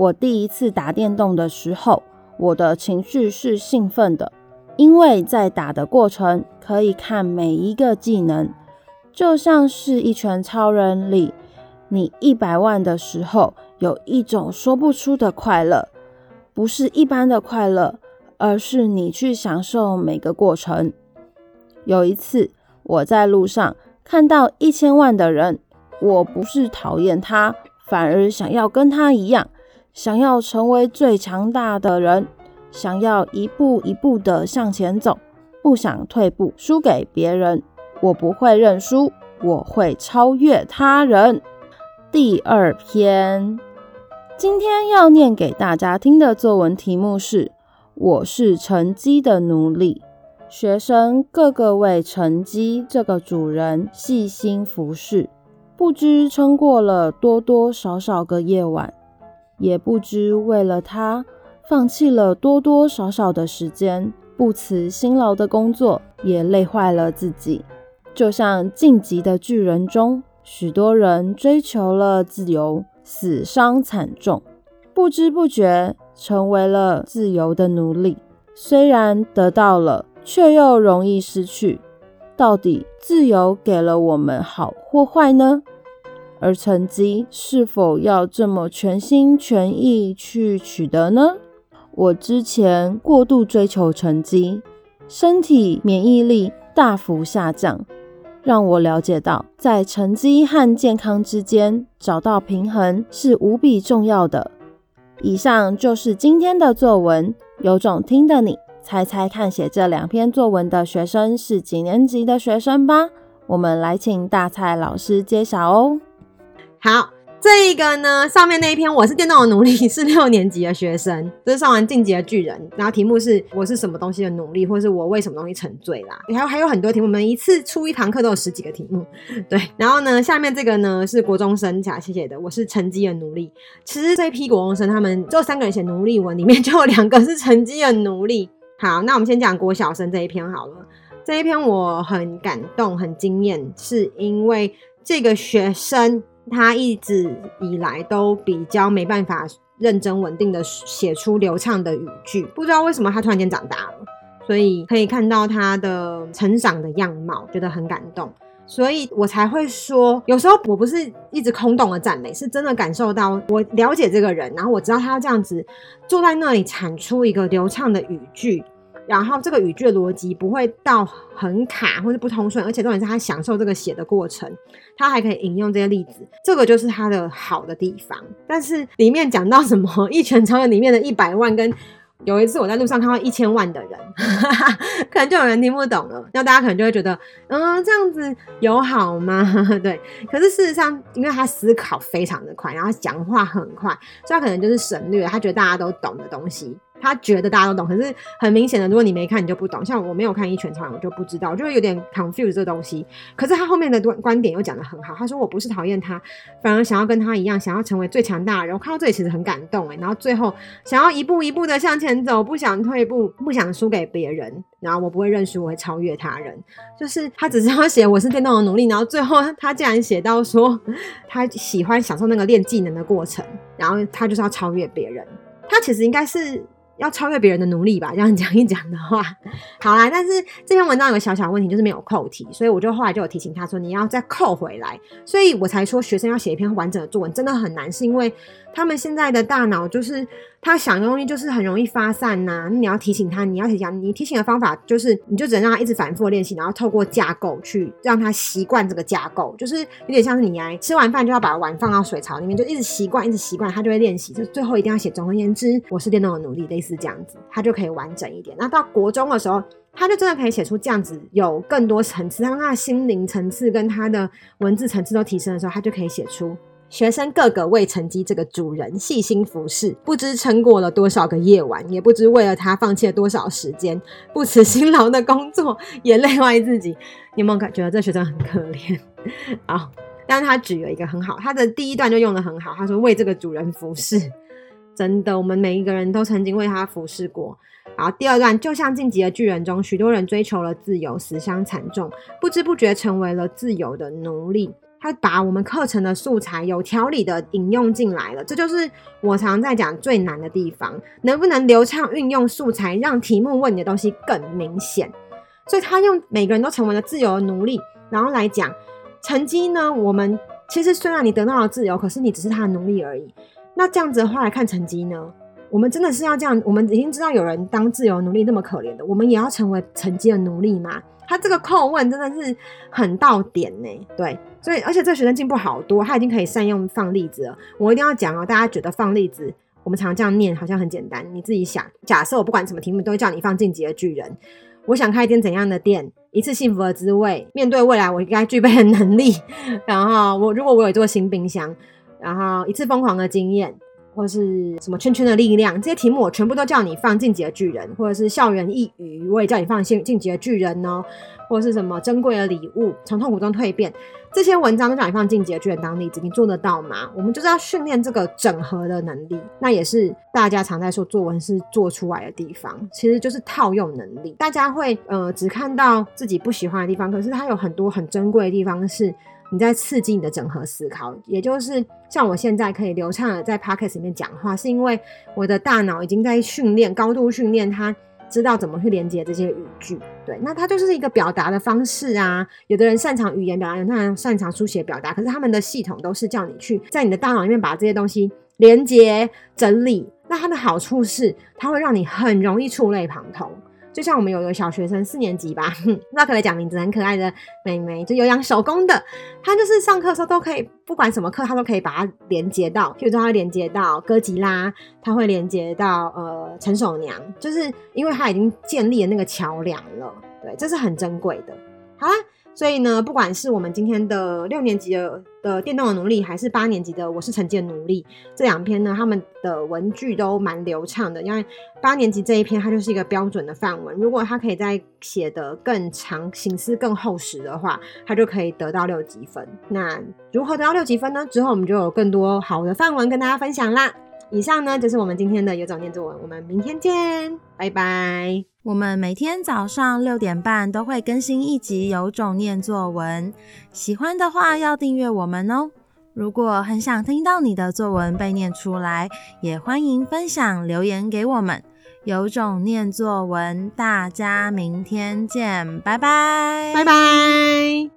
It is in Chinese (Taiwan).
我第一次打電動的時候，我的情緒是興奮的，因為在打的過程可以看每一個技能，就像是一拳超人裡，你一百萬的時候有一種說不出的快樂，不是一般的快樂，而是你去享受每個過程。有一次我在路上看到一千萬的人，我不是討厭他，反而想要跟他一樣。想要成為最強大的人，想要一步一步地向前走，不想退步輸給別人。我不會認輸，我會超越他人。第二篇，今天要念給大家聽的作文題目是《我是成績的奴隸》。學生個個為成績這個主人細心服侍，不知撐過了多多少少個夜晚。也不知為了他，放棄了多多少少的時間，不辭辛勞的工作，也累壞了自己。就像《進擊的巨人》中，許多人追求了自由，死傷慘重，不知不覺成為了自由的奴隸。雖然得到了，卻又容易失去。到底自由給了我們好或壞呢？而成績是否要這麼全心全意去取得呢？我之前過度追求成績，身體免疫力大幅下降，讓我了解到在成績和健康之間找到平衡是無比重要的。以上就是今天的作文，有種聽的你猜猜看，寫這兩篇作文的學生是幾年級的學生吧？我們來請大蔡老師揭曉哦。好，這一個呢，上面那一篇我是電動的奴隸，是六年級的學生，這是上完進擊的巨人，然後題目是我是什麼東西的奴隸，或是我為什麼東西沉醉啦，還有還有很多題目，我們一次出一堂課都有十幾個題目，對，然後呢，下面這個呢是國中生甲謝謝的，我是成績的奴隸，其實這批國中生他們就三個人寫奴隸文，裡面就有兩個是成績的奴隸。好，那我們先講國小生這一篇好了，這一篇我很感動，很驚艷，是因為這個學生。他一直以來都比較沒辦法認真穩定的寫出流暢的語句，不知道為什麼他突然間長大了，所以可以看到他的成長的樣貌，覺得很感動，所以我才會說，有時候我不是一直空洞的讚美，是真的感受到，我了解這個人，然後我知道他要這樣子坐在那裡產出一個流暢的語句。然後這個語句的邏輯不會到很卡或者不通順，而且重點是他享受這個寫的過程，他還可以引用這些例子，這個就是他的好的地方。但是裡面講到什麼一拳超人裡面的一百萬跟，跟有一次我在路上看到一千萬的人，可能就有人聽不懂了。那大家可能就會覺得，嗯，這樣子有好嗎？對，可是事實上，因為他思考非常的快，然後講話很快，所以他可能就是省略他覺得大家都懂的東西。他覺得大家都懂，可是很明顯的，如果你沒看，你就不懂。像我沒有看《一拳超人》，我就不知道，就會有點 confuse 這個東西。可是他後面的觀點又講得很好，他說我不是討厭他，反而想要跟他一樣，想要成為最強大的人。我看到這裡其實很感動，欸、然後最後想要一步一步的向前走，不想退步，不想輸給別人。然後我不會認輸，我會超越他人。就是他只是要寫我是電動的奴隸，然後最後他竟然寫到說他喜歡享受那個練技能的過程，然後他就是要超越別人。他其實應該是。要超越別人的努力吧，這樣講一講的話，好啦。但是這篇文章有個小小的問題，就是沒有扣題，所以我就後來就有提醒他說，你要再扣回來。所以我才說學生要寫一篇完整的作文真的很難，是因為他們現在的大腦就是他想的東西就是很容易發散吶、啊。你要提醒他，你要提醒，你提醒的方法就是你就只能讓他一直反復練習，然後透過架構去讓他習慣這個架構，就是有點像是你哎，吃完飯就要把碗放到水槽裡面，就一直習慣，一直習慣，他就會練習。就最後一定要寫。總而言之，我是電動的奴隸的意思。是這樣子，他就可以完整一點。那到國中的時候，他就真的可以寫出這樣子有更多層次。當他的心靈層次跟他的文字層次都提升的時候，他就可以寫出學生個個為成績這個主人細心服侍，不知撐過了多少個夜晚，也不知為了他放棄了多少時間，不辭辛勞的工作，也累壞自己。你有沒有感覺這學生很可憐啊？好，但是他舉了一個很好，他的第一段就用得很好，他說為這個主人服侍。真的，我們每一個人都曾經為他服侍過。然後第二段，就像《進擊的巨人》中，許多人追求了自由，死傷慘重，不知不覺成為了自由的奴隸。他把我們課程的素材有條理的引用進來了，這就是我常在講最難的地方，能不能流暢運用素材，讓題目問你的東西更明顯。所以他用每個人都成為了自由的奴隸，然後來講，曾經呢，我們其實雖然你得到了自由，可是你只是他的奴隸而已。那這樣子的話，來看成績呢？我們真的是要這樣？我們已經知道有人當自由奴隸那麼可憐的，我們也要成為成績的奴隸嗎？他這個扣問真的是很到點呢、欸。對，所以而且這個學生進步好多，他已經可以善用放例子了。我一定要講哦、喔，大家覺得放例子，我們常常這樣念，好像很簡單。你自己想，假設我不管什麼題目，都會叫你放“進擊的巨人”。我想開一間怎樣的店？一次幸福的滋味？面對未來，我應該具備的能力？ 然後我如果我有一座新冰箱？然後一次瘋狂的經驗，或是什麼圈圈的力量，這些題目我全部都叫你放《進擊的巨人》，或者是校園一隅，我也叫你放《進進擊的巨人》哦，或者是什麼珍貴的禮物，從痛苦中蛻變，這些文章都叫你放《進擊的巨人》當例子，你做得到嗎？我們就是要訓練這個整合的能力，那也是大家常在說作文是做出來的地方，其實就是套用能力。大家會呃只看到自己不喜歡的地方，可是它有很多很珍貴的地方是。你在刺激你的整合思考，也就是像我現在可以流暢的在 podcast 裡面講話，是因為我的大腦已經在訓練，高度訓練，它知道怎麼去連接這些語句。對，那它就是一個表達的方式啊。有的人擅長語言表達，有的人擅長擅長書寫表達，可是他們的系統都是叫你去在你的大腦裡面把這些東西連接整理。那它的好處是，它會讓你很容易觸類旁通。就像我們有一個小學生四年級吧，不知道可不可以講名字，很可愛的妹妹，就有養手工的，她就是上課的時候都可以，不管什麼課，她都可以把它連接到，比如說她會連接到哥吉拉，她會連接到呃陳守娘，就是因為她已經建立了那個橋樑了，對，這是很珍貴的。好啦。所以呢，不管是我們今天的六年級的的電動的奴隸，還是八年級的我是成績的奴隸，這兩篇呢，他們的文句都蠻流暢的。因為八年級這一篇它就是一個標準的範文，如果它可以再寫得更長，形式更厚實的話，它就可以得到六級分。那如何得到六級分呢？之後我們就有更多好的範文跟大家分享啦。以上呢，就是我們今天的有種念作文，我們明天見，拜拜。我們每天早上六點半都會更新一集有種念作文，喜歡的話要訂閱我們喔。如果很想聽到你的作文被念出來，也歡迎分享留言給我們。有種念作文，大家明天見，拜拜，拜拜。